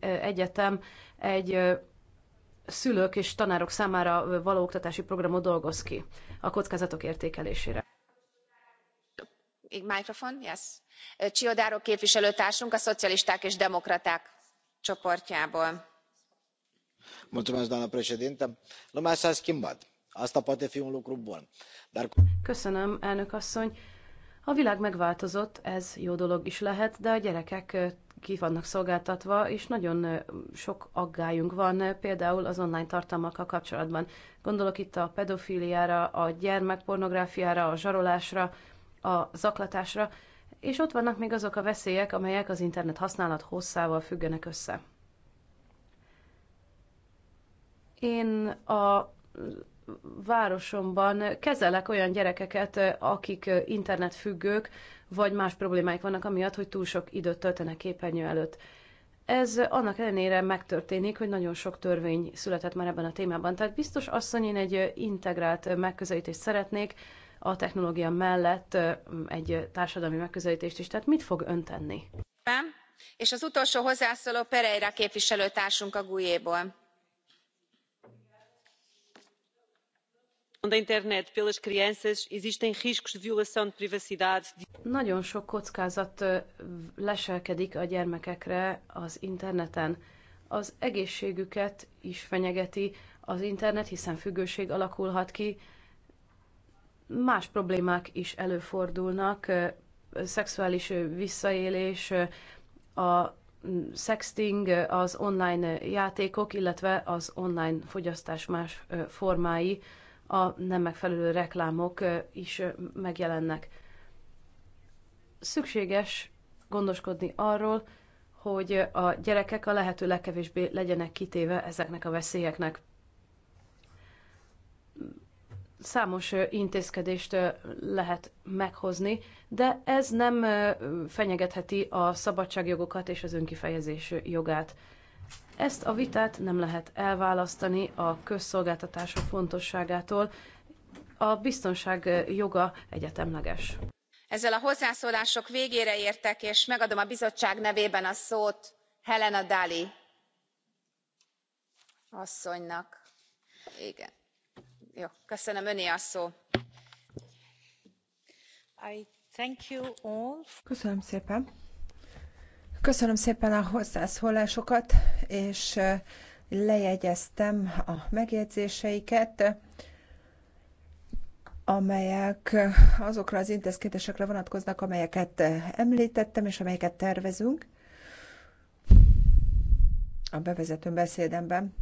Egyetem egy szülők és tanárok számára való oktatási programot dolgoz ki a kockázatok értékelésére. Mikrofon, yes. Csiodáró képviselőtársunk a szocialisták és demokraták csoportjából. doamnă președintă lumea s a schimbat asta poate fi un lucru bun dar. köszönöm elnök asszony! A világ megváltozott, ez jó dolog is lehet, de a gyerekek ki vannak szolgáltatva, és nagyon sok aggályunk van, például az online tartalmakkal kapcsolatban. Gondolok itt a pedofíliára, a gyermekpornográfiára, a zsarolásra, a zaklatásra, és ott vannak még azok a veszélyek, amelyek az internet használat hosszával függenek össze. Én a városomban kezelek olyan gyerekeket, akik internetfüggők, vagy más problémáik vannak, amiatt, hogy túl sok időt töltenek képernyő előtt. Ez annak ellenére megtörténik, hogy nagyon sok törvény született már ebben a témában. Tehát biztos asszony, én egy integrált megközelítést szeretnék, a technológia mellett egy társadalmi megközelítést is. Tehát mit fog ön tenni? És az utolsó hozzászóló Pereira képviselőtársunk a Gujéból. ból da internet pelas crianças existem riscos de violação de privacidade. Nagyon sok kockázat leselkedik a gyermekekre az interneten. Az egészségüket is fenyegeti az internet, hiszen függőség alakulhat ki. Más problémák is előfordulnak, szexuális visszaélés, a sexting, az online játékok, illetve az online fogyasztás más formái a nem megfelelő reklámok is megjelennek. Szükséges gondoskodni arról, hogy a gyerekek a lehető legkevésbé legyenek kitéve ezeknek a veszélyeknek. Számos intézkedést lehet meghozni, de ez nem fenyegetheti a szabadságjogokat és az önkifejezés jogát. Ezt a vitát nem lehet elválasztani a közszolgáltatások fontosságától. A biztonság joga egyetemleges. Ezzel a hozzászólások végére értek, és megadom a bizottság nevében a szót Helena Dali asszonynak. Igen. Jó, köszönöm, öné a szó. I thank you all. Köszönöm szépen. Köszönöm szépen a hozzászólásokat, és lejegyeztem a megjegyzéseiket, amelyek azokra az intézkedésekre vonatkoznak, amelyeket említettem, és amelyeket tervezünk a bevezető beszédemben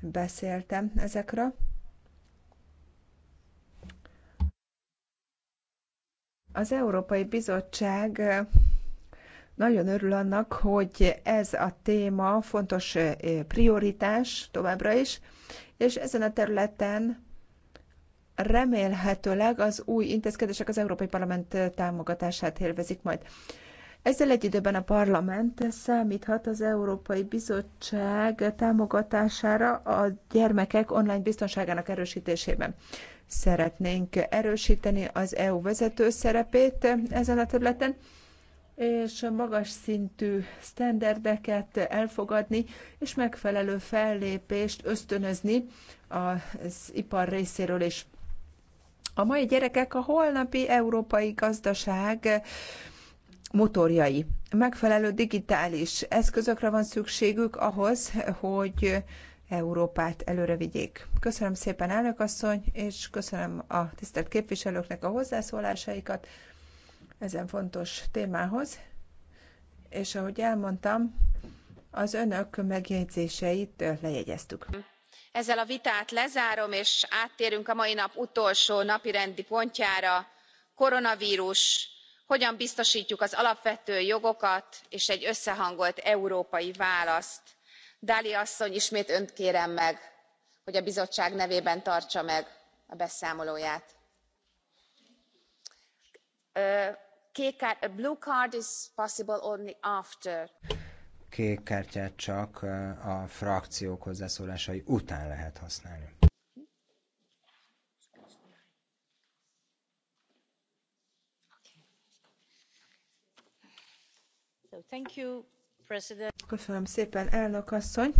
beszéltem ezekre. Az Európai Bizottság nagyon örül annak, hogy ez a téma fontos prioritás továbbra is, és ezen a területen remélhetőleg az új intézkedések az Európai Parlament támogatását élvezik majd. Ezzel egy időben a parlament számíthat az Európai Bizottság támogatására a gyermekek online biztonságának erősítésében. Szeretnénk erősíteni az EU vezető szerepét ezen a területen, és magas szintű sztenderdeket elfogadni, és megfelelő fellépést ösztönözni az ipar részéről is. A mai gyerekek a holnapi európai gazdaság motorjai. Megfelelő digitális eszközökre van szükségük ahhoz, hogy Európát előre vigyék. Köszönöm szépen, elnök asszony, és köszönöm a tisztelt képviselőknek a hozzászólásaikat ezen fontos témához, és ahogy elmondtam, az önök megjegyzéseit lejegyeztük. Ezzel a vitát lezárom, és áttérünk a mai nap utolsó napirendi pontjára, koronavírus, hogyan biztosítjuk az alapvető jogokat és egy összehangolt európai választ. Dáli asszony, ismét önt kérem meg, hogy a bizottság nevében tartsa meg a beszámolóját. Kék kártyát csak a frakciók hozzászólásai után lehet használni. You, Köszönöm szépen, elnök asszony!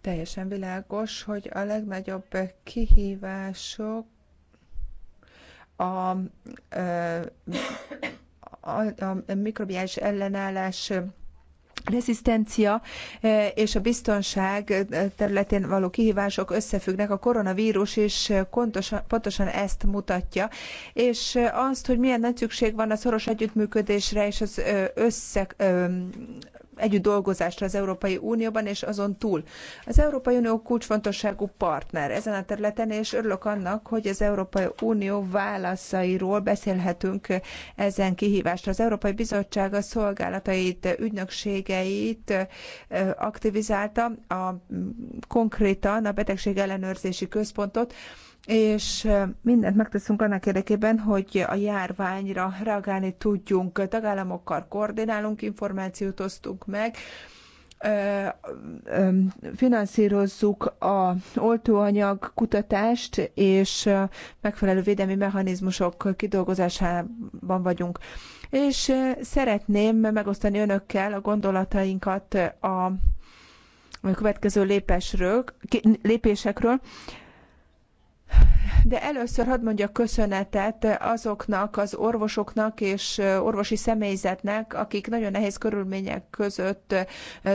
Teljesen világos, hogy a legnagyobb kihívások a, a, a mikrobiális ellenállás rezisztencia és a biztonság területén való kihívások összefüggnek. A koronavírus is pontosan, pontosan ezt mutatja, és azt, hogy milyen nagy szükség van a szoros együttműködésre és az össze, együtt dolgozásra az Európai Unióban és azon túl. Az Európai Unió kulcsfontosságú partner ezen a területen, és örülök annak, hogy az Európai Unió válaszairól beszélhetünk ezen kihívásra. Az Európai Bizottság a szolgálatait, ügynökségeit aktivizálta a, konkrétan a betegség ellenőrzési központot, és mindent megteszünk annak érdekében, hogy a járványra reagálni tudjunk. tagállamokkal koordinálunk, információt osztunk meg, finanszírozzuk a oltóanyag kutatást, és megfelelő védelmi mechanizmusok kidolgozásában vagyunk. És szeretném megosztani önökkel a gondolatainkat a következő lépésről, lépésekről de először hadd mondjak köszönetet azoknak az orvosoknak és orvosi személyzetnek, akik nagyon nehéz körülmények között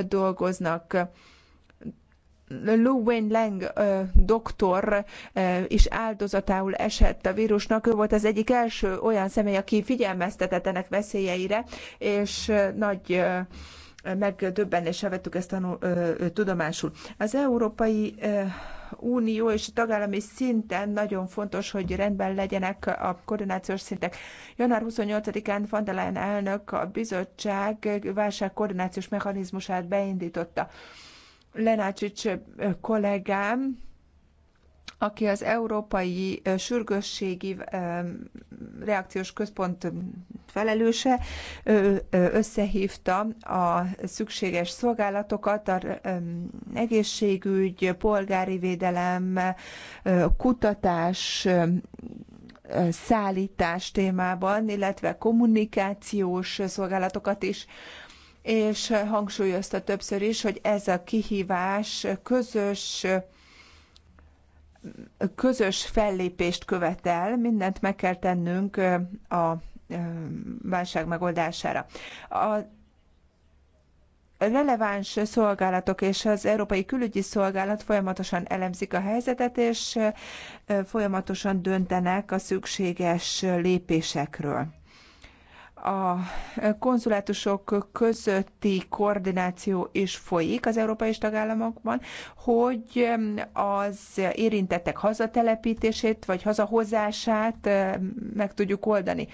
dolgoznak. Lu Leng doktor is áldozatául esett a vírusnak. Ő volt az egyik első olyan személy, aki figyelmeztetett ennek veszélyeire, és nagy megdöbbenéssel vettük ezt a tudomásul. Az európai Unió és a tagállami szinten nagyon fontos, hogy rendben legyenek a koordinációs szintek. Január 28-án van der Leyen elnök a bizottság válságkoordinációs mechanizmusát beindította. Lenácsics kollégám aki az Európai Sürgősségi Reakciós Központ felelőse, összehívta a szükséges szolgálatokat, a egészségügy, polgári védelem, kutatás, szállítás témában, illetve kommunikációs szolgálatokat is és hangsúlyozta többször is, hogy ez a kihívás közös közös fellépést követel, mindent meg kell tennünk a válság megoldására. A releváns szolgálatok és az Európai Külügyi Szolgálat folyamatosan elemzik a helyzetet, és folyamatosan döntenek a szükséges lépésekről a konzulátusok közötti koordináció is folyik az európai tagállamokban, hogy az érintettek hazatelepítését vagy hazahozását meg tudjuk oldani.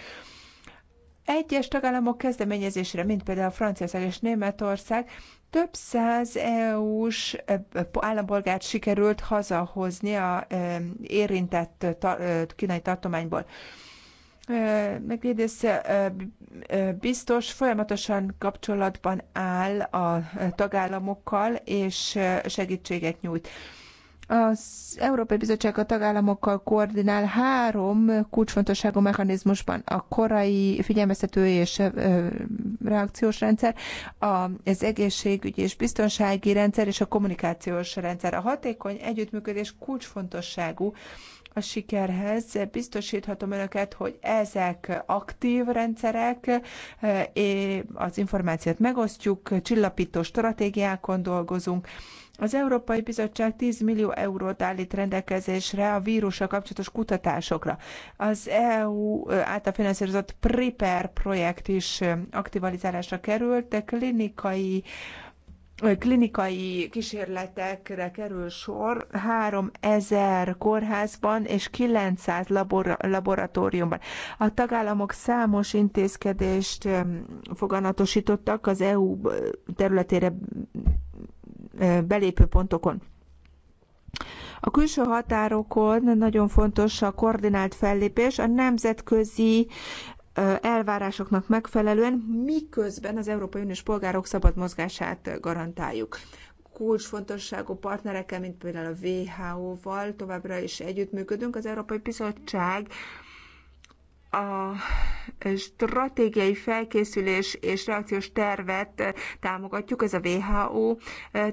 Egyes tagállamok kezdeményezésére, mint például Franciaország és Németország, több száz EU-s állampolgárt sikerült hazahozni a érintett kínai tartományból. Megvédész biztos folyamatosan kapcsolatban áll a tagállamokkal, és segítséget nyújt. Az Európai Bizottság a tagállamokkal koordinál három kulcsfontosságú mechanizmusban. A korai figyelmeztető és reakciós rendszer, az egészségügyi és biztonsági rendszer és a kommunikációs rendszer. A hatékony együttműködés kulcsfontosságú a sikerhez. Biztosíthatom önöket, hogy ezek aktív rendszerek, az információt megosztjuk, csillapító stratégiákon dolgozunk, az Európai Bizottság 10 millió eurót állít rendelkezésre a vírussal kapcsolatos kutatásokra. Az EU által finanszírozott PRIPER projekt is aktivalizálásra került, de klinikai klinikai kísérletekre kerül sor 3000 kórházban és 900 labor- laboratóriumban. A tagállamok számos intézkedést foganatosítottak az EU területére belépő pontokon. A külső határokon nagyon fontos a koordinált fellépés, a nemzetközi elvárásoknak megfelelően, miközben az Európai Uniós polgárok szabad mozgását garantáljuk kulcsfontosságú partnerekkel, mint például a WHO-val továbbra is együttműködünk. Az Európai Bizottság a stratégiai felkészülés és reakciós tervet támogatjuk, ez a WHO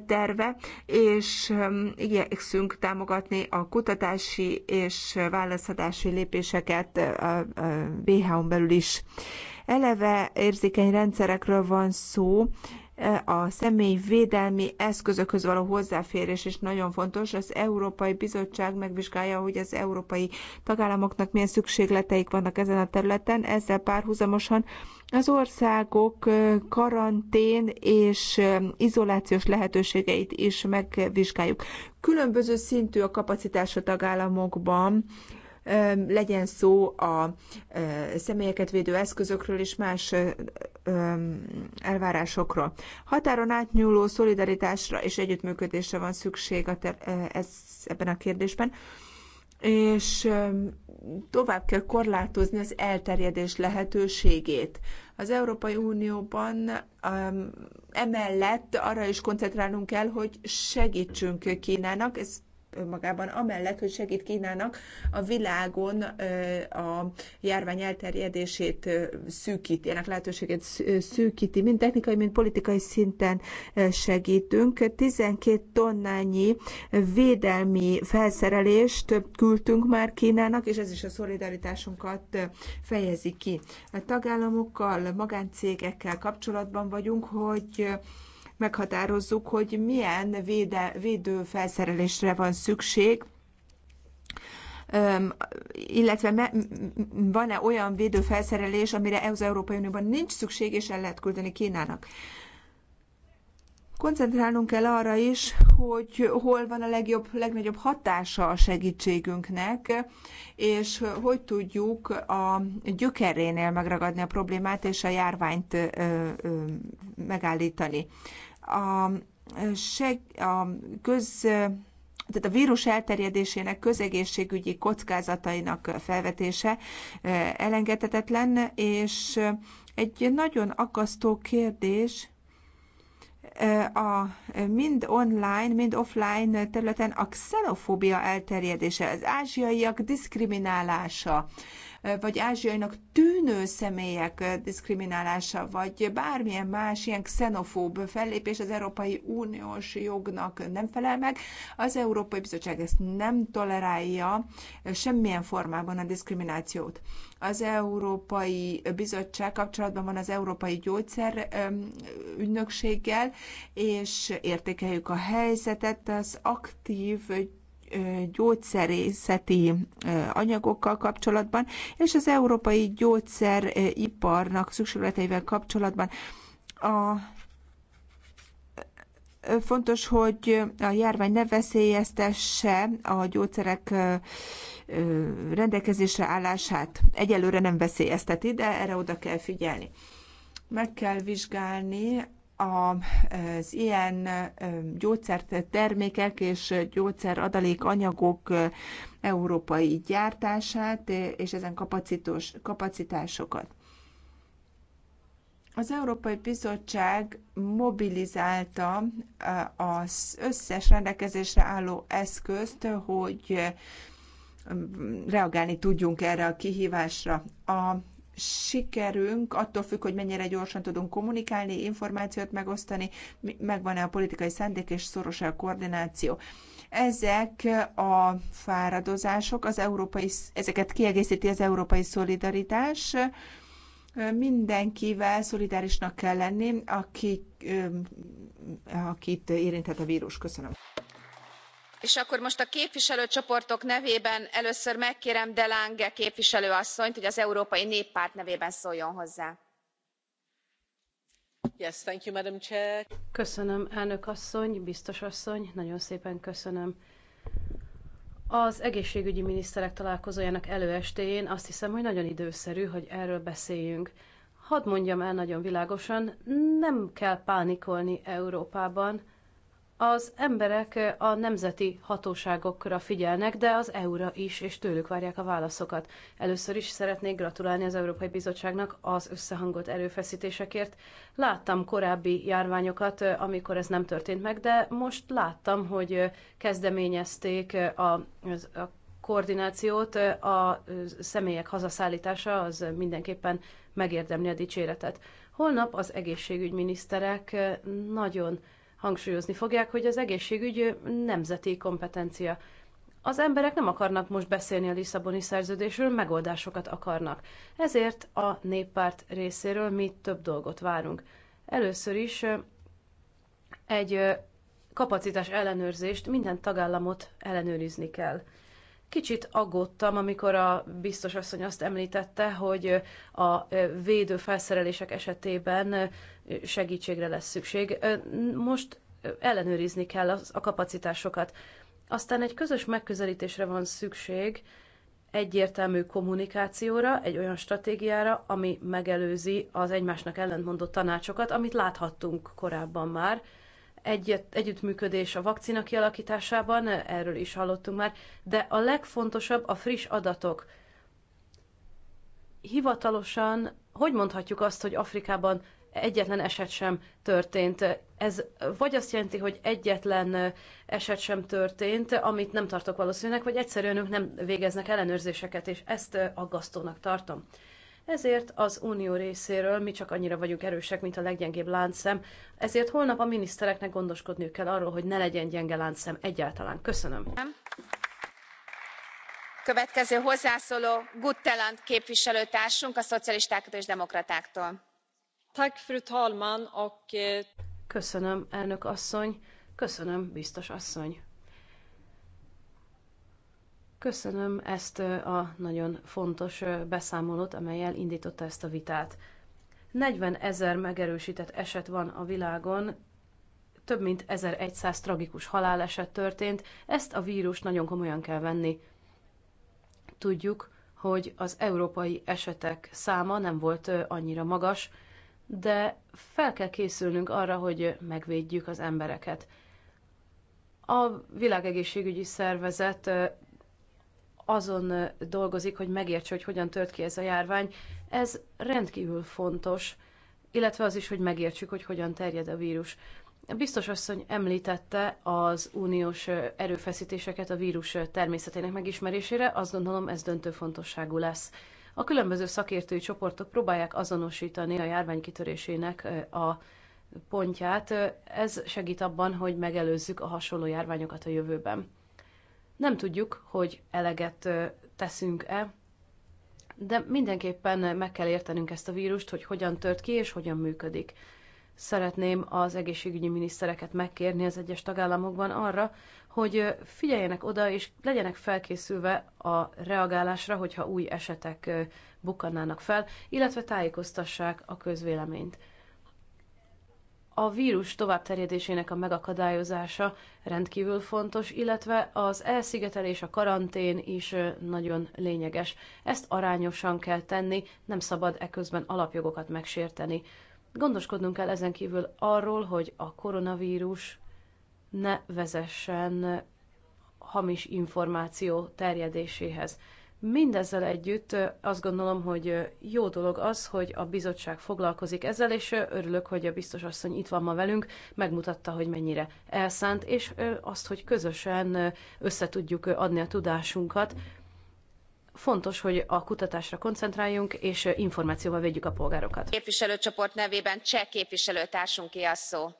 terve, és um, igyekszünk támogatni a kutatási és válaszadási lépéseket a WHO-n belül is. Eleve érzékeny rendszerekről van szó, a személyvédelmi eszközökhöz való hozzáférés is nagyon fontos. Az Európai Bizottság megvizsgálja, hogy az európai tagállamoknak milyen szükségleteik vannak ezen a területen, ezzel párhuzamosan az országok karantén és izolációs lehetőségeit is megvizsgáljuk. Különböző szintű a kapacitás a tagállamokban legyen szó a személyeket védő eszközökről és más elvárásokról. Határon átnyúló szolidaritásra és együttműködésre van szükség a ter- ez, ebben a kérdésben, és tovább kell korlátozni az elterjedés lehetőségét. Az Európai Unióban emellett arra is koncentrálnunk kell, hogy segítsünk Kínának, ez önmagában, amellett, hogy segít Kínának a világon a járvány elterjedését szűkíti, ennek lehetőségét szűkíti, mind technikai, mind politikai szinten segítünk. 12 tonnányi védelmi felszerelést küldtünk már Kínának, és ez is a szolidaritásunkat fejezi ki. A tagállamokkal, magáncégekkel kapcsolatban vagyunk, hogy meghatározzuk, hogy milyen véde, felszerelésre van szükség, illetve van-e olyan védőfelszerelés, amire az Európai Unióban nincs szükség, és el lehet küldeni Kínának. Koncentrálnunk kell arra is, hogy hol van a legjobb, legnagyobb hatása a segítségünknek, és hogy tudjuk a gyökerénél megragadni a problémát és a járványt megállítani a, seg, a köz tehát a vírus elterjedésének közegészségügyi kockázatainak felvetése elengedhetetlen, és egy nagyon aggasztó kérdés, a mind online, mind offline területen a xenofóbia elterjedése, az ázsiaiak diszkriminálása, vagy ázsiainak tűnő személyek diszkriminálása, vagy bármilyen más ilyen xenofób fellépés az Európai Uniós jognak nem felel meg. Az Európai Bizottság ezt nem tolerálja semmilyen formában a diszkriminációt. Az Európai Bizottság kapcsolatban van az Európai Gyógyszer ügynökséggel, és értékeljük a helyzetet, az aktív gyógyszerészeti anyagokkal kapcsolatban, és az európai gyógyszeriparnak szükségleteivel kapcsolatban. A fontos, hogy a járvány ne veszélyeztesse a gyógyszerek rendelkezésre állását. Egyelőre nem veszélyezteti, de erre oda kell figyelni. Meg kell vizsgálni az ilyen gyógyszertermékek és gyógyszeradalék anyagok európai gyártását és ezen kapacitós, kapacitásokat. Az Európai Bizottság mobilizálta az összes rendelkezésre álló eszközt, hogy reagálni tudjunk erre a kihívásra. A sikerünk attól függ, hogy mennyire gyorsan tudunk kommunikálni, információt megosztani, megvan-e a politikai szándék és szoros-e a koordináció. Ezek a fáradozások, az európai, ezeket kiegészíti az európai szolidaritás, mindenkivel szolidárisnak kell lenni, aki, akit érinthet a vírus. Köszönöm és akkor most a képviselőcsoportok nevében először megkérem de lange képviselő asszonyt hogy az európai néppárt nevében szóljon hozzá. köszönöm elnök asszony biztos asszony nagyon szépen köszönöm. az egészségügyi miniszterek találkozójának előestéjén azt hiszem hogy nagyon időszerű hogy erről beszéljünk. hadd mondjam el nagyon világosan nem kell pánikolni európában az emberek a nemzeti hatóságokra figyelnek, de az EU-ra is, és tőlük várják a válaszokat. Először is szeretnék gratulálni az Európai Bizottságnak az összehangolt erőfeszítésekért. Láttam korábbi járványokat, amikor ez nem történt meg, de most láttam, hogy kezdeményezték a, a koordinációt, a személyek hazaszállítása az mindenképpen megérdemli a dicséretet. Holnap az egészségügyminiszterek nagyon hangsúlyozni fogják, hogy az egészségügy nemzeti kompetencia. Az emberek nem akarnak most beszélni a Lisszaboni szerződésről, megoldásokat akarnak. Ezért a néppárt részéről mi több dolgot várunk. Először is egy kapacitás ellenőrzést minden tagállamot ellenőrizni kell. Kicsit aggódtam, amikor a biztos asszony azt említette, hogy a felszerelések esetében segítségre lesz szükség. Most ellenőrizni kell az, a kapacitásokat. Aztán egy közös megközelítésre van szükség, egyértelmű kommunikációra, egy olyan stratégiára, ami megelőzi az egymásnak ellentmondott tanácsokat, amit láthattunk korábban már. Egy, együttműködés a vakcina kialakításában, erről is hallottunk már, de a legfontosabb a friss adatok. Hivatalosan, hogy mondhatjuk azt, hogy Afrikában egyetlen eset sem történt. Ez vagy azt jelenti, hogy egyetlen eset sem történt, amit nem tartok valószínűnek, vagy egyszerűen ők nem végeznek ellenőrzéseket, és ezt aggasztónak tartom. Ezért az unió részéről mi csak annyira vagyunk erősek, mint a leggyengébb láncszem, ezért holnap a minisztereknek gondoskodniuk kell arról, hogy ne legyen gyenge láncszem egyáltalán. Köszönöm. Következő hozzászóló Guttelant képviselőtársunk a szocialistáktól és demokratáktól Fru talman! Eh, Köszönöm, elnök asszony. Köszönöm, biztos asszony. Köszönöm ezt a nagyon fontos beszámolót, amelyel indította ezt a vitát. 40 ezer megerősített eset van a világon, több mint 1100 tragikus haláleset történt, ezt a vírus nagyon komolyan kell venni. Tudjuk, hogy az európai esetek száma nem volt annyira magas, de fel kell készülnünk arra, hogy megvédjük az embereket. A világegészségügyi szervezet azon dolgozik, hogy megértse, hogy hogyan tört ki ez a járvány. Ez rendkívül fontos, illetve az is, hogy megértsük, hogy hogyan terjed a vírus. Biztos asszony említette az uniós erőfeszítéseket a vírus természetének megismerésére, azt gondolom ez döntő fontosságú lesz. A különböző szakértői csoportok próbálják azonosítani a járvány kitörésének a pontját. Ez segít abban, hogy megelőzzük a hasonló járványokat a jövőben. Nem tudjuk, hogy eleget teszünk-e, de mindenképpen meg kell értenünk ezt a vírust, hogy hogyan tört ki és hogyan működik. Szeretném az egészségügyi minisztereket megkérni az egyes tagállamokban arra, hogy figyeljenek oda, és legyenek felkészülve a reagálásra, hogyha új esetek bukkannának fel, illetve tájékoztassák a közvéleményt. A vírus továbbterjedésének a megakadályozása rendkívül fontos, illetve az elszigetelés, a karantén is nagyon lényeges. Ezt arányosan kell tenni, nem szabad eközben alapjogokat megsérteni. Gondoskodnunk kell ezen kívül arról, hogy a koronavírus ne vezessen hamis információ terjedéséhez. Mindezzel együtt azt gondolom, hogy jó dolog az, hogy a bizottság foglalkozik ezzel, és örülök, hogy a biztos asszony itt van ma velünk, megmutatta, hogy mennyire elszánt, és azt, hogy közösen összetudjuk adni a tudásunkat. Fontos, hogy a kutatásra koncentráljunk, és információval védjük a polgárokat. Képviselőcsoport nevében cseh ki a szó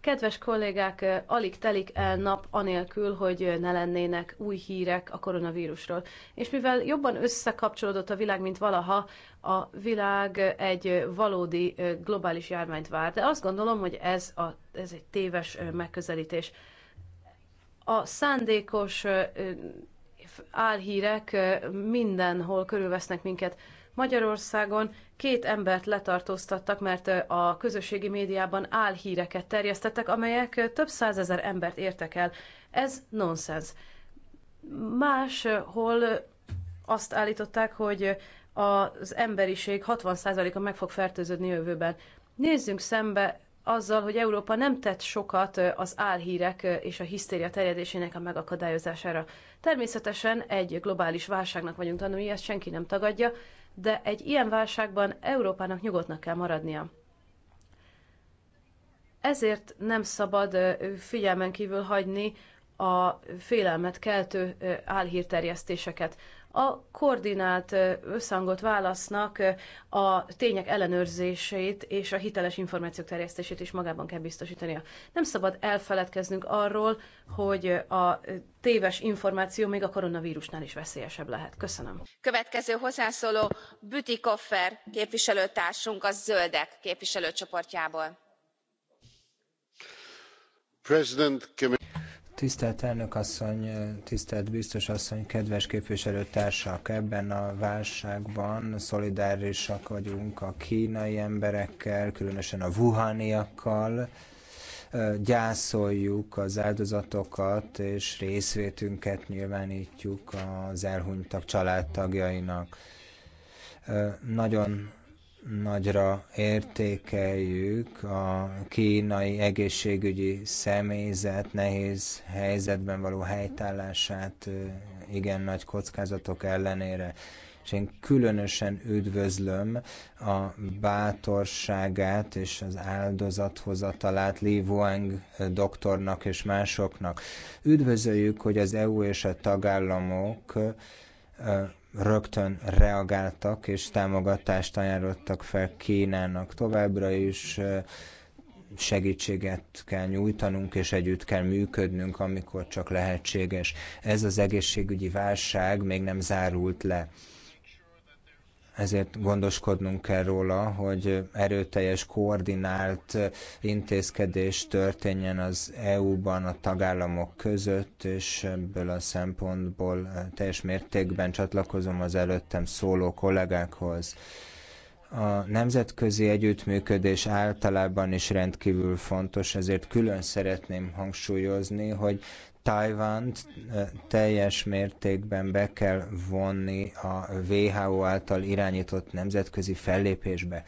Kedves kollégák, alig telik el nap anélkül, hogy ne lennének új hírek a koronavírusról. És mivel jobban összekapcsolódott a világ, mint valaha, a világ egy valódi globális járványt vár. De azt gondolom, hogy ez, a, ez egy téves megközelítés. A szándékos álhírek mindenhol körülvesznek minket Magyarországon két embert letartóztattak, mert a közösségi médiában álhíreket terjesztettek, amelyek több százezer embert értek el. Ez nonsens. Máshol azt állították, hogy az emberiség 60%-a meg fog fertőződni jövőben. Nézzünk szembe azzal, hogy Európa nem tett sokat az álhírek és a hisztéria terjedésének a megakadályozására. Természetesen egy globális válságnak vagyunk tanulni, ezt senki nem tagadja, de egy ilyen válságban Európának nyugodtnak kell maradnia. Ezért nem szabad figyelmen kívül hagyni a félelmet keltő álhírterjesztéseket a koordinált összhangot válasznak a tények ellenőrzését és a hiteles információk terjesztését is magában kell biztosítania. Nem szabad elfeledkeznünk arról, hogy a téves információ még a koronavírusnál is veszélyesebb lehet. Köszönöm. Következő hozzászóló Koffer képviselőtársunk a Zöldek képviselőcsoportjából. President, Tisztelt elnök asszony, tisztelt biztos asszony, kedves képviselőtársak, ebben a válságban szolidárisak vagyunk a kínai emberekkel, különösen a wuhaniakkal, gyászoljuk az áldozatokat, és részvétünket nyilvánítjuk az elhunytak családtagjainak. Nagyon nagyra értékeljük a kínai egészségügyi személyzet nehéz helyzetben való helytállását igen nagy kockázatok ellenére. És én különösen üdvözlöm a bátorságát és az áldozathozatalát Li Wang doktornak és másoknak. Üdvözöljük, hogy az EU és a tagállamok rögtön reagáltak és támogatást ajánlottak fel Kínának továbbra is segítséget kell nyújtanunk, és együtt kell működnünk, amikor csak lehetséges. Ez az egészségügyi válság még nem zárult le ezért gondoskodnunk kell róla, hogy erőteljes, koordinált intézkedés történjen az EU-ban a tagállamok között, és ebből a szempontból teljes mértékben csatlakozom az előttem szóló kollégákhoz. A nemzetközi együttműködés általában is rendkívül fontos, ezért külön szeretném hangsúlyozni, hogy Tajvant eh, teljes mértékben be kell vonni a WHO által irányított nemzetközi fellépésbe.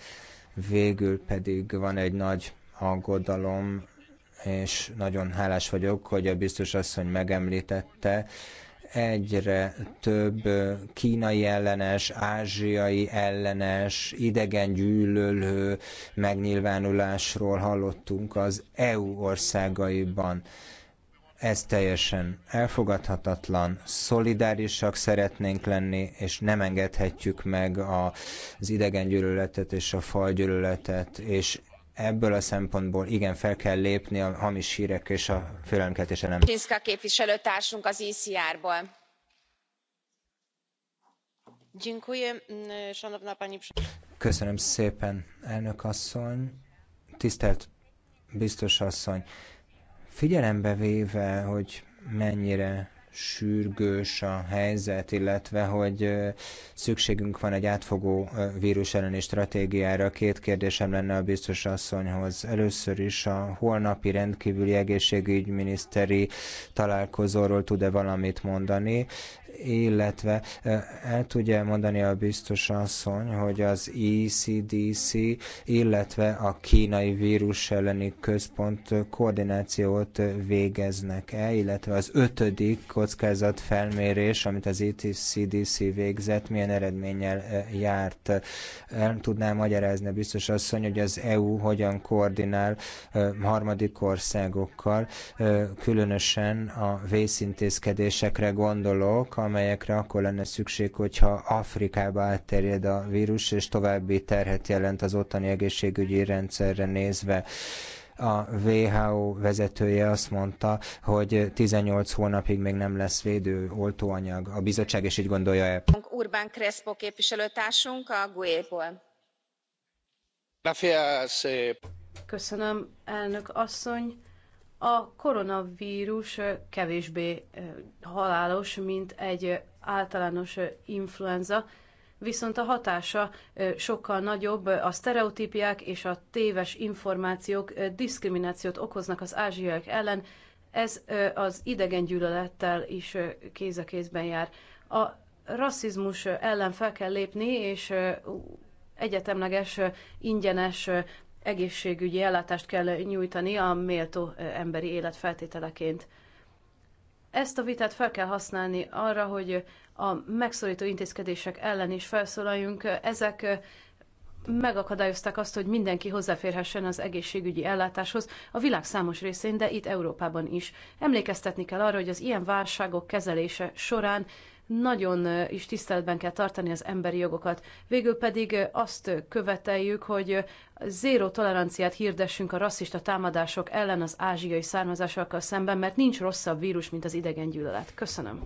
Végül pedig van egy nagy aggodalom, és nagyon hálás vagyok, hogy a biztos asszony megemlítette, egyre több eh, kínai ellenes, ázsiai ellenes, idegen gyűlölő megnyilvánulásról hallottunk az EU országaiban ez teljesen elfogadhatatlan, szolidárisak szeretnénk lenni, és nem engedhetjük meg az idegen gyűlöletet és a faj gyűlöletet, és ebből a szempontból igen, fel kell lépni a hamis hírek és a félelemkeltés ellen. Csinszka képviselőtársunk az ICR-ból. Mm, Köszönöm szépen, elnök asszony. Tisztelt biztos asszony, Figyelembe véve, hogy mennyire sürgős a helyzet, illetve hogy szükségünk van egy átfogó vírus elleni stratégiára. Két kérdésem lenne a biztos asszonyhoz. Először is a holnapi rendkívüli egészségügyminiszteri találkozóról tud-e valamit mondani, illetve eh, el tudja mondani a biztos asszony, hogy az ECDC, illetve a kínai vírus elleni központ koordinációt végeznek el, illetve az ötödik felmérés, amit az ECDC végzett, milyen eredménnyel eh, járt. El tudná magyarázni a biztos asszony, hogy az EU hogyan koordinál eh, harmadik országokkal, különösen a vészintézkedésekre gondolok, amelyekre akkor lenne szükség, hogyha Afrikába átterjed a vírus, és további terhet jelent az ottani egészségügyi rendszerre nézve a WHO vezetője azt mondta, hogy 18 hónapig még nem lesz védő oltóanyag. A bizottság is így gondolja-e? Urbán Crespo képviselőtársunk a GUE-ból. Eh. Köszönöm, elnök asszony a koronavírus kevésbé halálos, mint egy általános influenza, viszont a hatása sokkal nagyobb, a sztereotípiák és a téves információk diszkriminációt okoznak az ázsiaiak ellen, ez az idegen gyűlölettel is kéz a kézben jár. A rasszizmus ellen fel kell lépni, és egyetemleges, ingyenes egészségügyi ellátást kell nyújtani a méltó emberi élet feltételeként. Ezt a vitát fel kell használni arra, hogy a megszorító intézkedések ellen is felszólaljunk. Ezek megakadályozták azt, hogy mindenki hozzáférhessen az egészségügyi ellátáshoz a világ számos részén, de itt Európában is. Emlékeztetni kell arra, hogy az ilyen válságok kezelése során nagyon is tiszteletben kell tartani az emberi jogokat. Végül pedig azt követeljük, hogy zéró toleranciát hirdessünk a rasszista támadások ellen az ázsiai származásokkal szemben, mert nincs rosszabb vírus, mint az idegen gyűlölet. Köszönöm.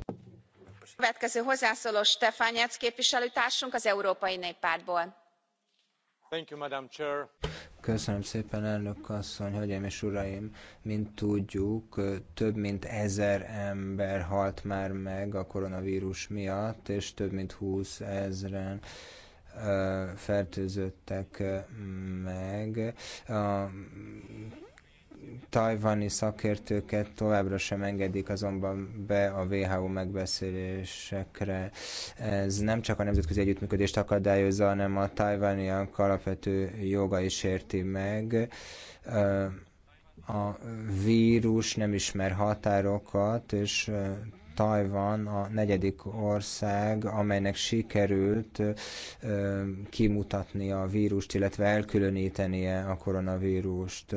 Következő hozzászóló Stefánec képviselőtársunk az Európai Néppártból Köszönöm szépen, elnök asszony, hölgyeim és uraim! Mint tudjuk, több mint ezer ember halt már meg a koronavírus miatt, és több mint húsz ezeren fertőzöttek meg. A tajvani szakértőket továbbra sem engedik azonban be a WHO megbeszélésekre. Ez nem csak a nemzetközi együttműködést akadályozza, hanem a tajvaniak alapvető joga is érti meg. A vírus nem ismer határokat, és Tajvan a negyedik ország, amelynek sikerült kimutatnia a vírust, illetve elkülönítenie a koronavírust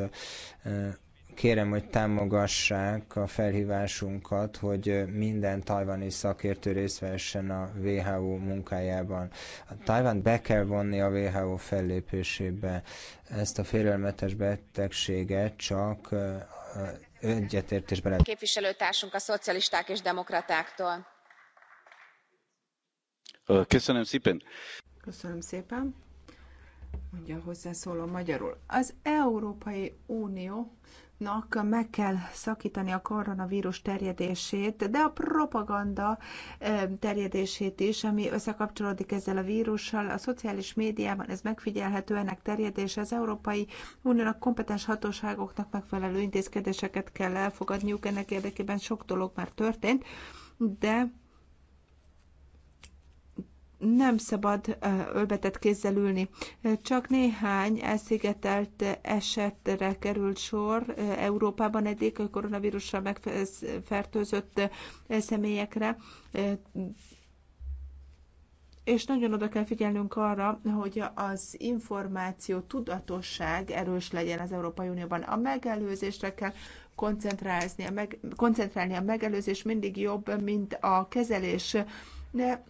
kérem, hogy támogassák a felhívásunkat, hogy minden tajvani szakértő részt vehessen a WHO munkájában. A Tajvan be kell vonni a WHO fellépésébe. Ezt a félelmetes betegséget csak egyetértésben. képviselőtársunk a szocialisták és demokratáktól. Köszönöm szépen. Köszönöm szépen mondja hozzászóló magyarul. Az Európai Uniónak meg kell szakítani a koronavírus terjedését, de a propaganda eh, terjedését is, ami összekapcsolódik ezzel a vírussal. A szociális médiában ez megfigyelhető, ennek terjedése az Európai Uniónak kompetens hatóságoknak megfelelő intézkedéseket kell elfogadniuk. Ennek érdekében sok dolog már történt, de nem szabad ölbetett kézzel ülni. Csak néhány elszigetelt esetre került sor Európában eddig a koronavírussal megfertőzött személyekre és nagyon oda kell figyelnünk arra, hogy az információ tudatosság erős legyen az Európai Unióban. A megelőzésre kell koncentrálni, a, meg, koncentrálni a megelőzés mindig jobb, mint a kezelés. De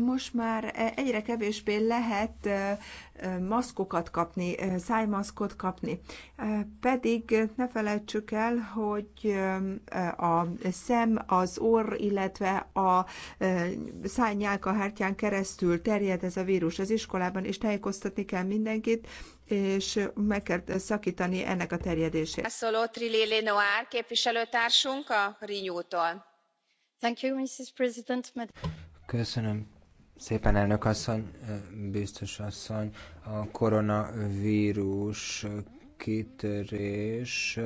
most már egyre kevésbé lehet maszkokat kapni, szájmaszkot kapni. Pedig ne felejtsük el, hogy a szem, az orr, illetve a szájnyálkahártyán keresztül terjed ez a vírus az iskolában, és tájékoztatni kell mindenkit, és meg kell szakítani ennek a terjedését. A szóló Trilili Noár képviselőtársunk a Rinyútól. Thank you, Mrs. President. Köszönöm szépen, elnök asszony, biztos asszony. A koronavírus kitörés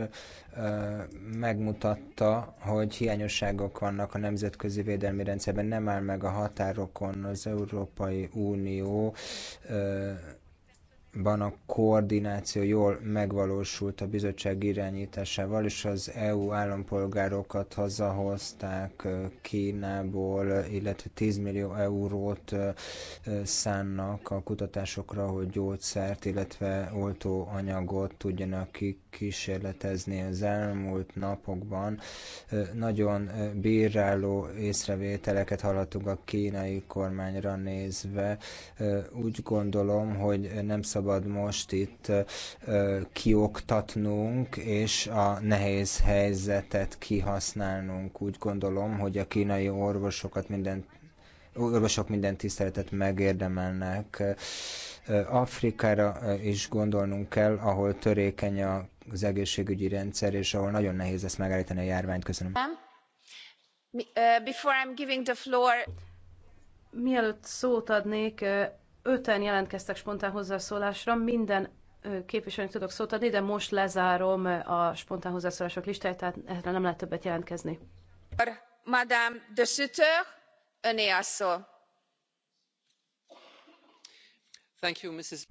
megmutatta, hogy hiányosságok vannak a nemzetközi védelmi rendszerben, nem áll meg a határokon az Európai Unió ban a koordináció jól megvalósult a bizottság irányításával, és az EU állampolgárokat hazahozták Kínából, illetve 10 millió eurót szánnak a kutatásokra, hogy gyógyszert, illetve oltóanyagot tudjanak ki kísérletezni az elmúlt napokban. Nagyon bíráló észrevételeket hallottunk a kínai kormányra nézve. Úgy gondolom, hogy nem szabad most itt kioktatnunk, és a nehéz helyzetet kihasználnunk. Úgy gondolom, hogy a kínai orvosokat minden orvosok minden tiszteletet megérdemelnek. Afrikára is gondolnunk kell, ahol törékeny a az egészségügyi rendszer, és ahol nagyon nehéz lesz megállítani a járványt. Köszönöm. Uh, Mielőtt szót adnék, uh, öten jelentkeztek spontán hozzászólásra, minden uh, képviselőnek tudok szót adni, de most lezárom a spontán hozzászólások listáját, tehát erre nem lehet többet jelentkezni. Madame de Sutter, öné a szó. Thank you, Mrs.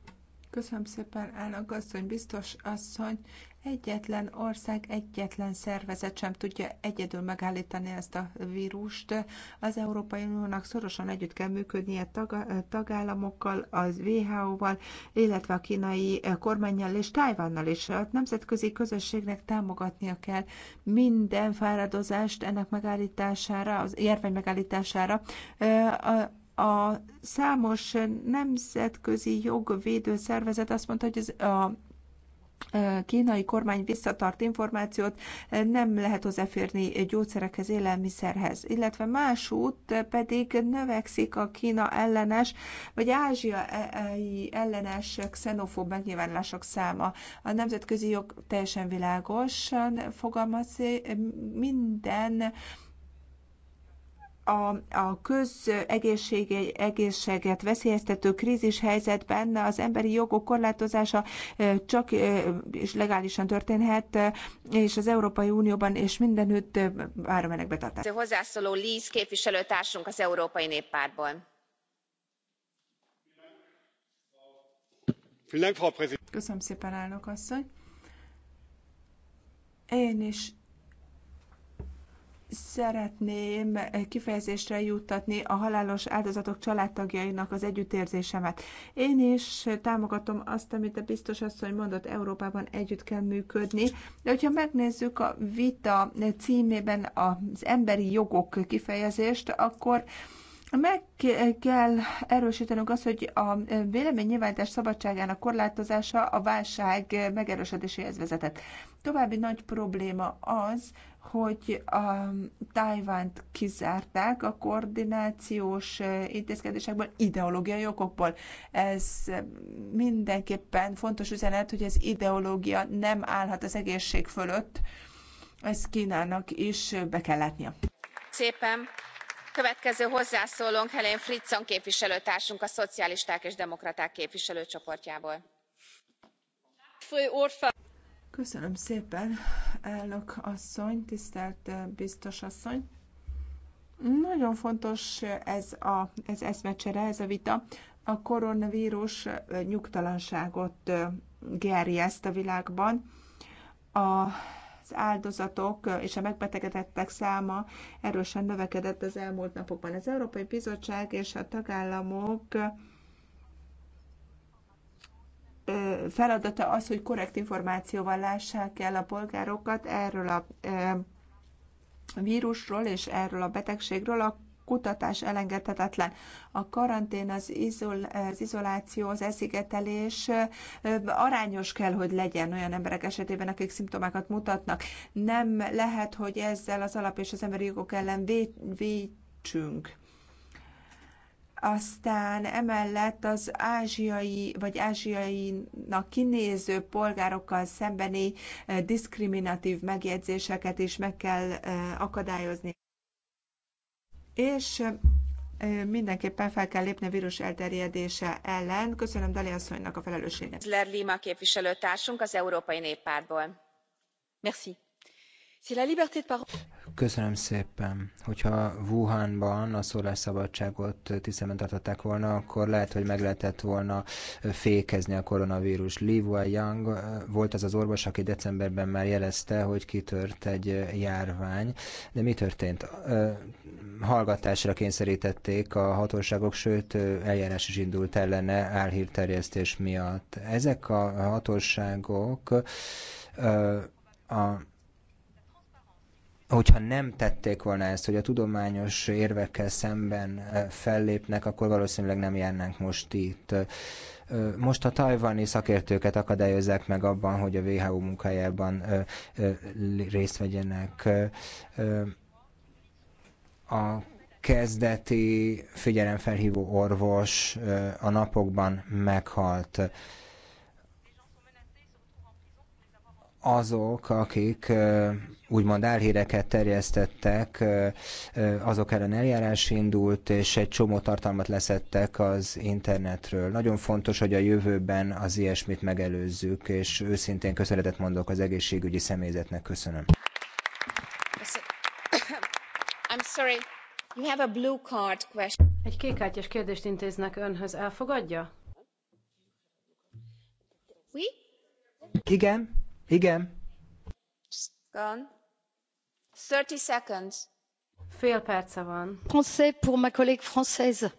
Köszönöm szépen, elnök asszony, biztos asszony. Egyetlen ország, egyetlen szervezet sem tudja egyedül megállítani ezt a vírust. Az Európai Uniónak szorosan együtt kell működnie tag, tagállamokkal, az WHO-val, illetve a kínai kormányjal és Tájvánnal is. A nemzetközi közösségnek támogatnia kell minden fáradozást ennek megállítására, az érvény megállítására. A a számos nemzetközi jogvédő szervezet azt mondta, hogy ez a kínai kormány visszatart információt, nem lehet hozzáférni gyógyszerekhez, élelmiszerhez, illetve másút pedig növekszik a Kína ellenes, vagy ázsiai ellenes xenofób megnyilvánulások száma. A nemzetközi jog teljesen világosan fogalmaz, minden a, a közegészséget veszélyeztető krízis helyzetben az emberi jogok korlátozása csak és legálisan történhet, és az Európai Unióban és mindenütt várom ennek betartását. Hozzászóló Líz képviselőtársunk az Európai Néppártból. Köszönöm szépen, elnök asszony. Én is Szeretném kifejezésre juttatni a halálos áldozatok családtagjainak az együttérzésemet. Én is támogatom azt, amit a biztos asszony mondott, Európában együtt kell működni, de hogyha megnézzük a vita címében az emberi jogok kifejezést, akkor meg kell erősítenünk azt, hogy a véleménynyilvánítás szabadságának korlátozása a válság megerősödéséhez vezetett. További nagy probléma az, hogy a Tájvánt kizárták a koordinációs intézkedésekből ideológiai okokból. Ez mindenképpen fontos üzenet, hogy az ideológia nem állhat az egészség fölött. Ezt Kínának is be kell látnia. Szépen következő hozzászólónk helen fritzon képviselőtársunk a szocialisták és demokraták képviselőcsoportjából. köszönöm szépen elnök asszony tisztelt eh, biztos asszony! nagyon fontos ez a ez eszmecsere ez a vita a koronavírus eh, nyugtalanságot eh, gerjeszt a világban a áldozatok és a megbetegedettek száma erősen növekedett az elmúlt napokban. Az Európai Bizottság és a tagállamok feladata az, hogy korrekt információval lássák el a polgárokat erről a vírusról és erről a betegségről a kutatás elengedhetetlen. A karantén, az, izol, az izoláció, az elszigetelés arányos kell, hogy legyen olyan emberek esetében, akik szimptomákat mutatnak. Nem lehet, hogy ezzel az alap és az emberi jogok ellen vétsünk aztán emellett az ázsiai vagy ázsiainak kinéző polgárokkal szembeni diszkriminatív megjegyzéseket is meg kell akadályozni és mindenképpen fel kell lépni a vírus elterjedése ellen. Köszönöm Dali asszonynak a felelősséget. Zler Lima képviselőtársunk az Európai Néppártból. Merci Köszönöm szépen. Hogyha Wuhanban a szólásszabadságot tiszteletben tartották volna, akkor lehet, hogy meg lehetett volna fékezni a koronavírus. Li Yang volt az az orvos, aki decemberben már jelezte, hogy kitört egy járvány. De mi történt? Hallgatásra kényszerítették a hatóságok, sőt eljárás is indult ellene álhírterjesztés miatt. Ezek a hatóságok a hogyha nem tették volna ezt, hogy a tudományos érvekkel szemben fellépnek, akkor valószínűleg nem járnánk most itt. Most a tajvani szakértőket akadályozzák meg abban, hogy a WHO munkájában részt vegyenek. A kezdeti figyelemfelhívó orvos a napokban meghalt. Azok, akik úgymond álhíreket terjesztettek, azok ellen eljárás indult, és egy csomó tartalmat leszettek az internetről. Nagyon fontos, hogy a jövőben az ilyesmit megelőzzük, és őszintén köszönetet mondok az egészségügyi személyzetnek. Köszönöm. I'm sorry. You have a blue card question. Egy kékkártyás kérdést intéznek önhöz. Elfogadja? Oui? Igen, igen. Gone. Fél perce van. pour ma collègue française.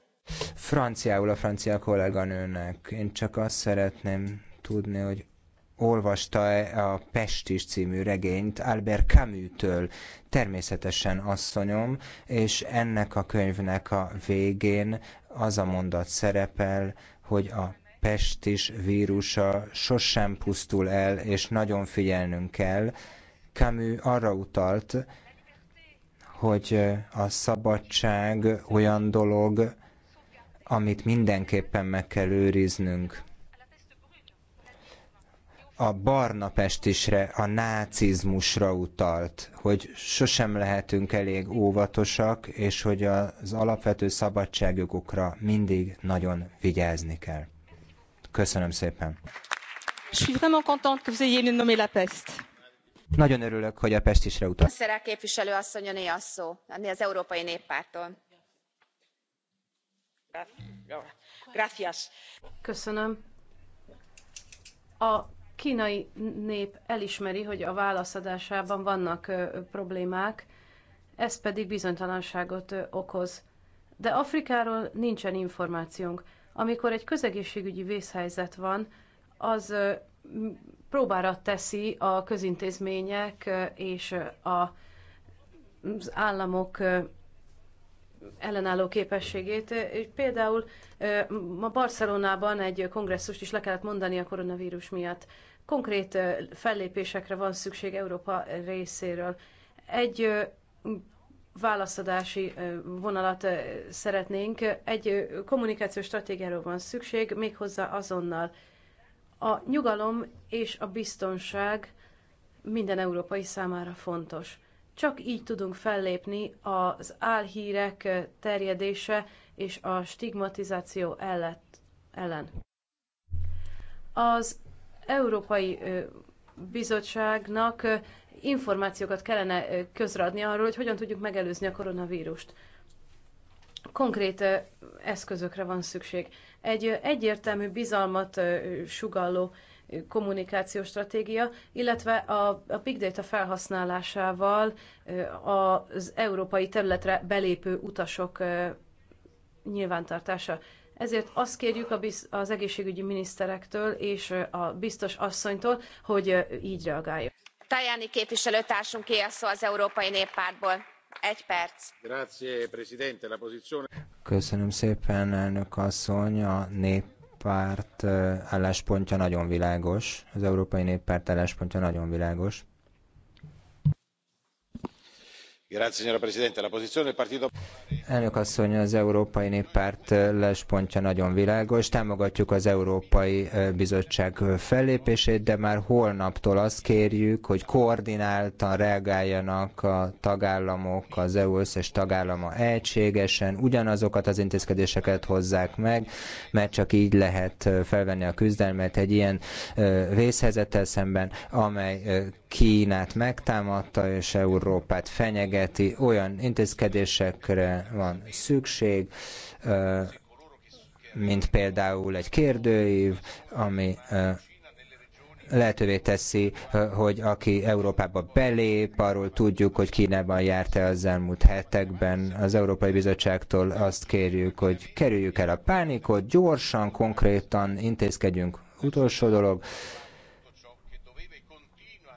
Franciául a francia kolléganőnek. Én csak azt szeretném tudni, hogy olvasta-e a Pestis című regényt Albert Camus-től, természetesen asszonyom, és ennek a könyvnek a végén az a mondat szerepel, hogy a pestis vírusa sosem pusztul el, és nagyon figyelnünk kell, Camus arra utalt, hogy a szabadság olyan dolog, amit mindenképpen meg kell őriznünk. A barna pestisre, a nácizmusra utalt, hogy sosem lehetünk elég óvatosak, és hogy az alapvető szabadságjogokra mindig nagyon vigyázni kell. Köszönöm szépen! Je suis vraiment contente que vous ayez nommé la peste nagyon örülök, hogy a pestisre utal. Szerá képviselő asszony, öné a szó, az Európai Néppártól. Köszönöm. A kínai nép elismeri, hogy a válaszadásában vannak problémák, ez pedig bizonytalanságot okoz. De Afrikáról nincsen információnk. Amikor egy közegészségügyi vészhelyzet van, az próbára teszi a közintézmények és a, az államok ellenálló képességét. Például ma Barcelonában egy kongresszust is le kellett mondani a koronavírus miatt. Konkrét fellépésekre van szükség Európa részéről. Egy válaszadási vonalat szeretnénk. Egy kommunikációs stratégiáról van szükség, méghozzá azonnal. A nyugalom és a biztonság minden európai számára fontos. Csak így tudunk fellépni az álhírek terjedése és a stigmatizáció ellen. Az Európai Bizottságnak információkat kellene közradni arról, hogy hogyan tudjuk megelőzni a koronavírust. Konkrét eszközökre van szükség egy egyértelmű bizalmat sugalló kommunikációs stratégia, illetve a, a big data felhasználásával az európai területre belépő utasok nyilvántartása. Ezért azt kérjük a biz, az egészségügyi miniszterektől és a biztos asszonytól, hogy így reagáljon. Tajani képviselőtársunk él szó az Európai Néppártból egy perc. Köszönöm szépen, elnök asszony. A néppárt eh, álláspontja nagyon világos. Az Európai Néppárt álláspontja nagyon világos Elnök asszony, az Európai Néppárt lespontja nagyon világos. Támogatjuk az Európai Bizottság fellépését, de már holnaptól azt kérjük, hogy koordináltan reagáljanak a tagállamok, az EU összes tagállama egységesen, ugyanazokat az intézkedéseket hozzák meg, mert csak így lehet felvenni a küzdelmet egy ilyen vészhelyzettel szemben, amely Kínát megtámadta és Európát fenyegeti, olyan intézkedésekre van szükség, mint például egy kérdőív, ami lehetővé teszi, hogy aki Európába belép, arról tudjuk, hogy Kínában járt-e az elmúlt hetekben. Az Európai Bizottságtól azt kérjük, hogy kerüljük el a pánikot, gyorsan, konkrétan intézkedjünk. Utolsó dolog,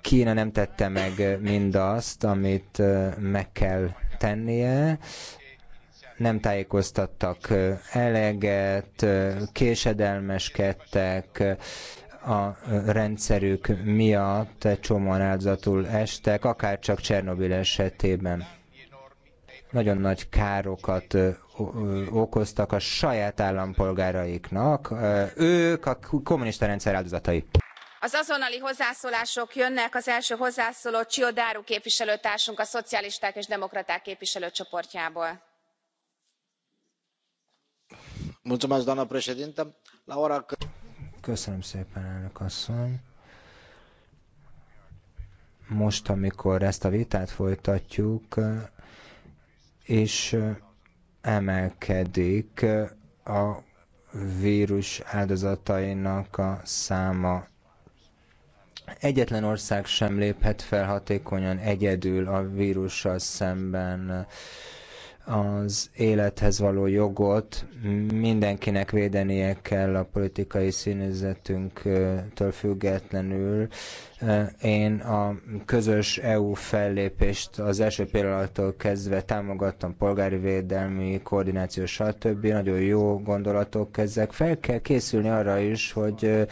Kína nem tette meg mindazt, amit meg kell tennie, nem tájékoztattak eleget, késedelmeskedtek, a rendszerük miatt csomóan áldozatul estek, akár csak Csernobil esetében. Nagyon nagy károkat okoztak a saját állampolgáraiknak. Ők a kommunista rendszer áldozatai az azonnali hozzászólások jönnek az első hozzászóló csiodaru képviselőtársunk a szocialisták és demokraták képviselőcsoportjából. szépen most amikor ezt a vitát folytatjuk és emelkedik a vírus áldozatainak a száma Egyetlen ország sem léphet fel hatékonyan egyedül a vírussal szemben az élethez való jogot mindenkinek védenie kell a politikai színezetünktől függetlenül, én a közös EU fellépést az első pillanattól kezdve támogattam, polgári védelmi, koordináció, stb. Nagyon jó gondolatok ezek. Fel kell készülni arra is, hogy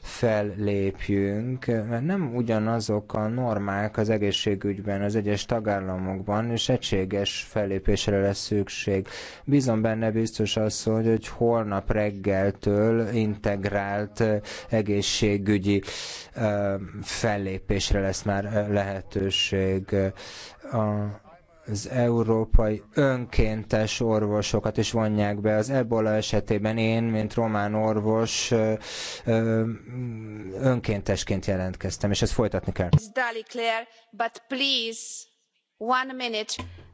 fellépjünk, mert nem ugyanazok a normák az egészségügyben, az egyes tagállamokban, és egységes fellépésre lesz szükség. Bízom benne biztos asszony, hogy holnap reggeltől integrált egészségügyi fellépésre lesz már lehetőség. A az európai önkéntes orvosokat is vonják be. Az ebola esetében én, mint román orvos, önkéntesként jelentkeztem, és ezt folytatni kell.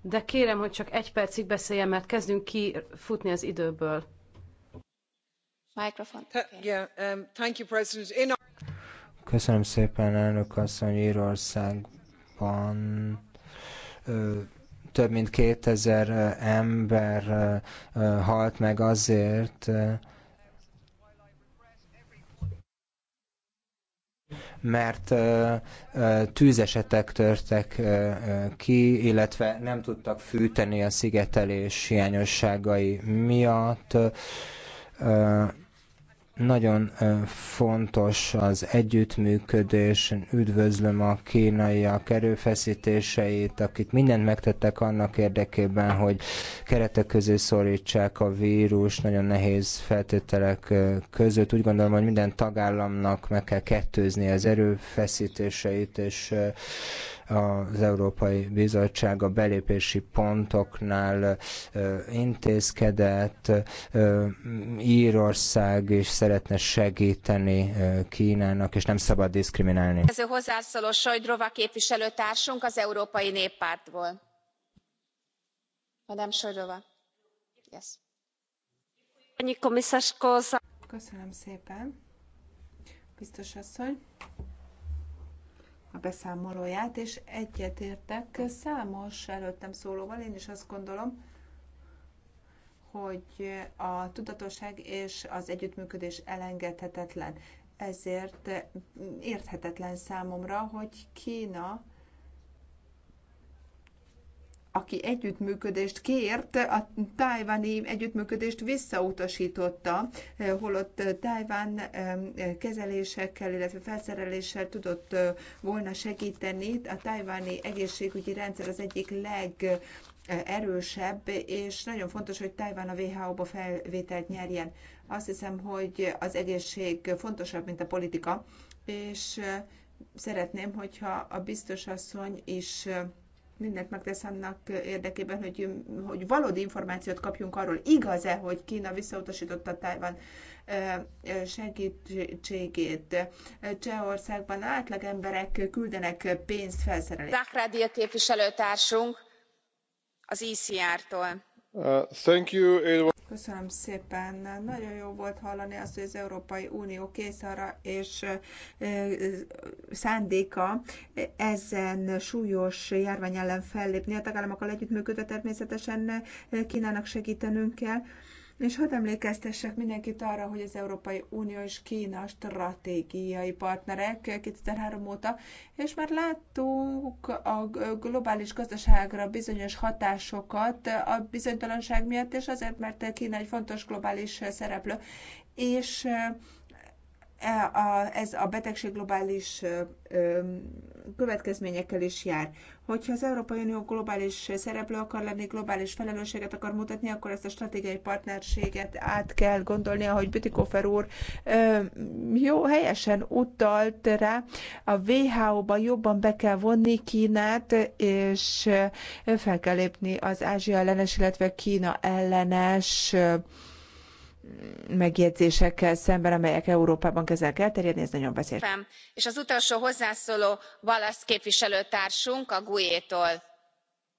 De kérem, hogy csak egy percig beszéljen, mert kezdünk kifutni az időből. Mikrofon. Um, okay. Köszönöm szépen, elnök asszony, Írországban több mint 2000 ember halt meg azért, mert tűzesetek törtek ki, illetve nem tudtak fűteni a szigetelés hiányosságai miatt nagyon fontos az együttműködés, üdvözlöm a kínaiak erőfeszítéseit, akik mindent megtettek annak érdekében, hogy keretek közé szorítsák a vírus, nagyon nehéz feltételek között. Úgy gondolom, hogy minden tagállamnak meg kell kettőzni az erőfeszítéseit, és az Európai Bizottság a belépési pontoknál intézkedett, Írország is szeretne segíteni Kínának, és nem szabad diszkriminálni. Ez a hozzászóló Sojdrova képviselőtársunk az Európai Néppártból. Madame Sojdrova. Yes. Köszönöm szépen, biztos asszony a beszámolóját, és egyetértek számos előttem szólóval. Én is azt gondolom, hogy a tudatosság és az együttműködés elengedhetetlen. Ezért érthetetlen számomra, hogy Kína aki együttműködést kért, a tájváni együttműködést visszautasította, holott Tájván kezelésekkel, illetve felszereléssel tudott volna segíteni. A tájváni egészségügyi rendszer az egyik leg erősebb, és nagyon fontos, hogy Tajván a WHO-ba felvételt nyerjen. Azt hiszem, hogy az egészség fontosabb, mint a politika, és szeretném, hogyha a biztos asszony is mindent megtesz annak érdekében, hogy, hogy valódi információt kapjunk arról, igaz-e, hogy Kína visszautasította Tájván segítségét. Csehországban átlag emberek küldenek pénzt felszerelésre. Zahradil képviselőtársunk az ICR-tól. E uh, thank you. It Köszönöm szépen. Nagyon jó volt hallani azt, hogy az Európai Unió kész arra és szándéka ezen súlyos járvány ellen fellépni. A tagállamokkal együttműködve természetesen Kínának segítenünk kell. És hadd emlékeztessek mindenkit arra, hogy az Európai Unió és Kína stratégiai partnerek 2003 óta, és már láttuk a globális gazdaságra bizonyos hatásokat a bizonytalanság miatt, és azért, mert Kína egy fontos globális szereplő, és E, ez a betegség globális következményekkel is jár. Hogyha az Európai Unió globális szereplő akar lenni, globális felelősséget akar mutatni, akkor ezt a stratégiai partnerséget át kell gondolni, ahogy Bütikofer úr jó helyesen utalt rá, a WHO-ba jobban be kell vonni Kínát, és fel kell lépni az Ázsia ellenes, illetve Kína ellenes megjegyzésekkel szemben, amelyek Európában kezdenek elterjedni, ez nagyon veszélyes. És az utolsó hozzászóló Wallace képviselőtársunk a GUE-tól.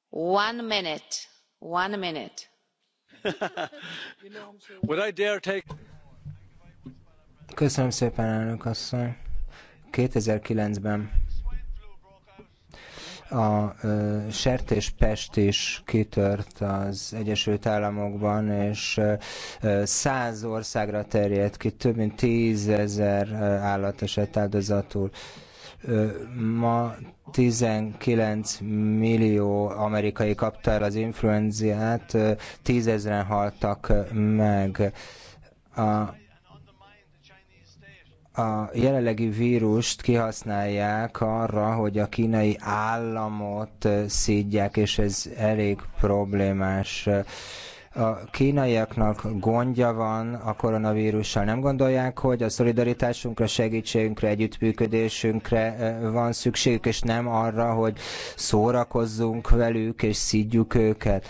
One minute. One minute. Köszönöm szépen, elnök asszony. 2009-ben a sertéspest is kitört az Egyesült Államokban, és száz országra terjedt ki, több mint tízezer állat esett áldozatul. Ma 19 millió amerikai kapta el az influenziát, tízezren haltak meg. A a jelenlegi vírust kihasználják arra, hogy a kínai államot szídják, és ez elég problémás. A kínaiaknak gondja van a koronavírussal. Nem gondolják, hogy a szolidaritásunkra, segítségünkre, együttműködésünkre eh, van szükségük, és nem arra, hogy szórakozzunk velük és szídjuk őket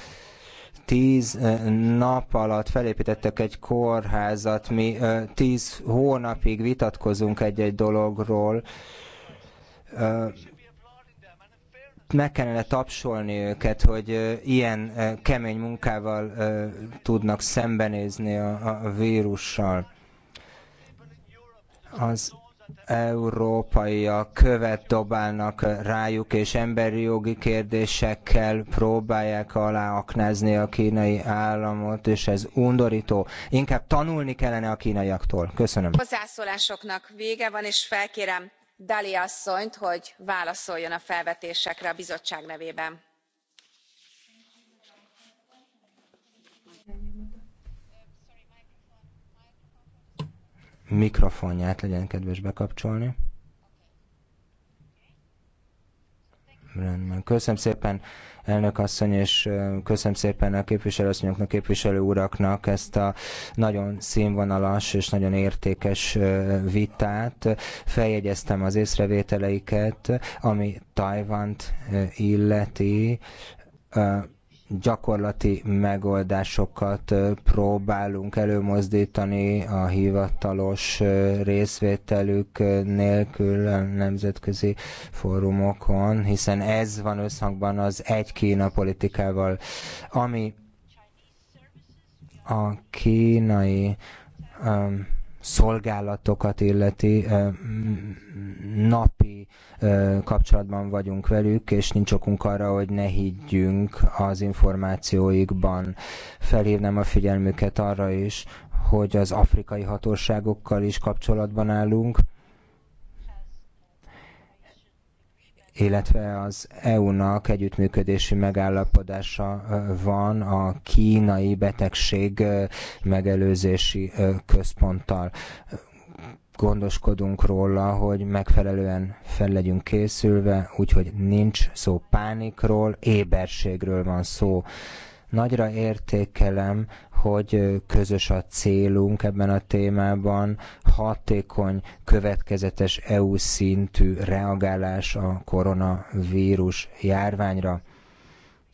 tíz nap alatt felépítettek egy kórházat, mi tíz hónapig vitatkozunk egy-egy dologról, meg kellene tapsolni őket, hogy ilyen kemény munkával tudnak szembenézni a, vírussal. Az európaiak követ dobálnak rájuk, és emberi jogi kérdésekkel próbálják aláaknázni a kínai államot, és ez undorító. Inkább tanulni kellene a kínaiaktól. Köszönöm. hozzászólásoknak vége van, és felkérem Dali asszonyt, hogy válaszoljon a felvetésekre a bizottság nevében. mikrofonját legyen kedves bekapcsolni. Rendben. Köszönöm szépen, elnök asszony, és köszönöm szépen a képviselőasszonyoknak, képviselő uraknak ezt a nagyon színvonalas és nagyon értékes vitát. Feljegyeztem az észrevételeiket, ami Tajvant illeti gyakorlati megoldásokat próbálunk előmozdítani a hivatalos részvételük nélkül a nemzetközi fórumokon, hiszen ez van összhangban az egy Kína politikával, ami a kínai um, szolgálatokat illeti, napi kapcsolatban vagyunk velük, és nincs okunk arra, hogy ne higgyünk az információikban. Felhívnám a figyelmüket arra is, hogy az afrikai hatóságokkal is kapcsolatban állunk, illetve az EU-nak együttműködési megállapodása van a kínai betegség megelőzési központtal. Gondoskodunk róla, hogy megfelelően fel legyünk készülve, úgyhogy nincs szó pánikról, éberségről van szó. Nagyra értékelem hogy közös a célunk ebben a témában, hatékony, következetes EU szintű reagálás a koronavírus járványra.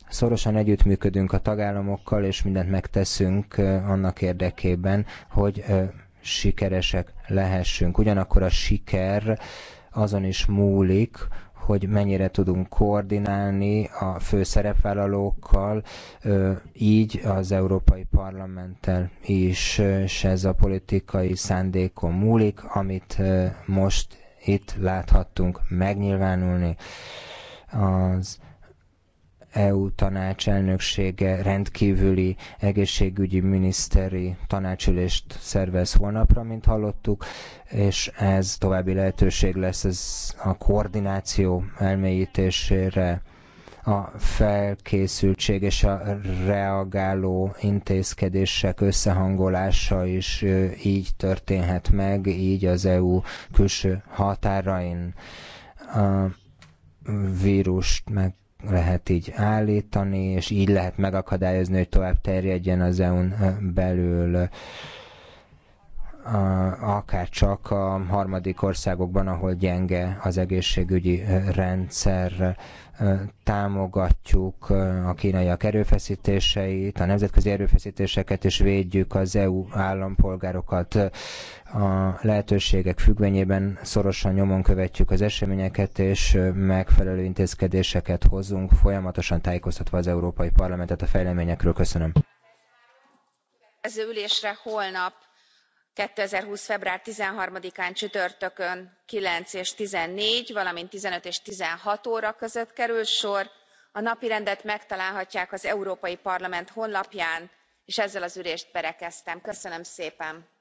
Szorosan együttműködünk a tagállamokkal, és mindent megteszünk annak érdekében, hogy sikeresek lehessünk. Ugyanakkor a siker azon is múlik, hogy mennyire tudunk koordinálni a főszerepvállalókkal, így az Európai Parlamenttel is, és ez a politikai szándékon múlik, amit most itt láthattunk megnyilvánulni. Az EU tanács elnöksége rendkívüli egészségügyi miniszteri tanácsülést szervez holnapra, mint hallottuk, és ez további lehetőség lesz ez a koordináció elmélyítésére a felkészültség és a reagáló intézkedések összehangolása is így történhet meg, így az EU külső határain a vírust meg lehet így állítani, és így lehet megakadályozni, hogy tovább terjedjen az EU-n eh, belül akár csak a harmadik országokban, ahol gyenge az egészségügyi rendszer, támogatjuk a kínaiak erőfeszítéseit, a nemzetközi erőfeszítéseket, és védjük az EU állampolgárokat a lehetőségek függvényében szorosan nyomon követjük az eseményeket, és megfelelő intézkedéseket hozunk, folyamatosan tájékoztatva az Európai Parlamentet a fejleményekről. Köszönöm. Ez ülésre holnap two thousand and twenty február thirteen án csütörtökön nine és fourteen valamint fifteen és sixteen óra között kerül sor a napirendet megtalálhatják az európai parlament honlapján és ezzel az ülést berekeztem. köszönöm szépen!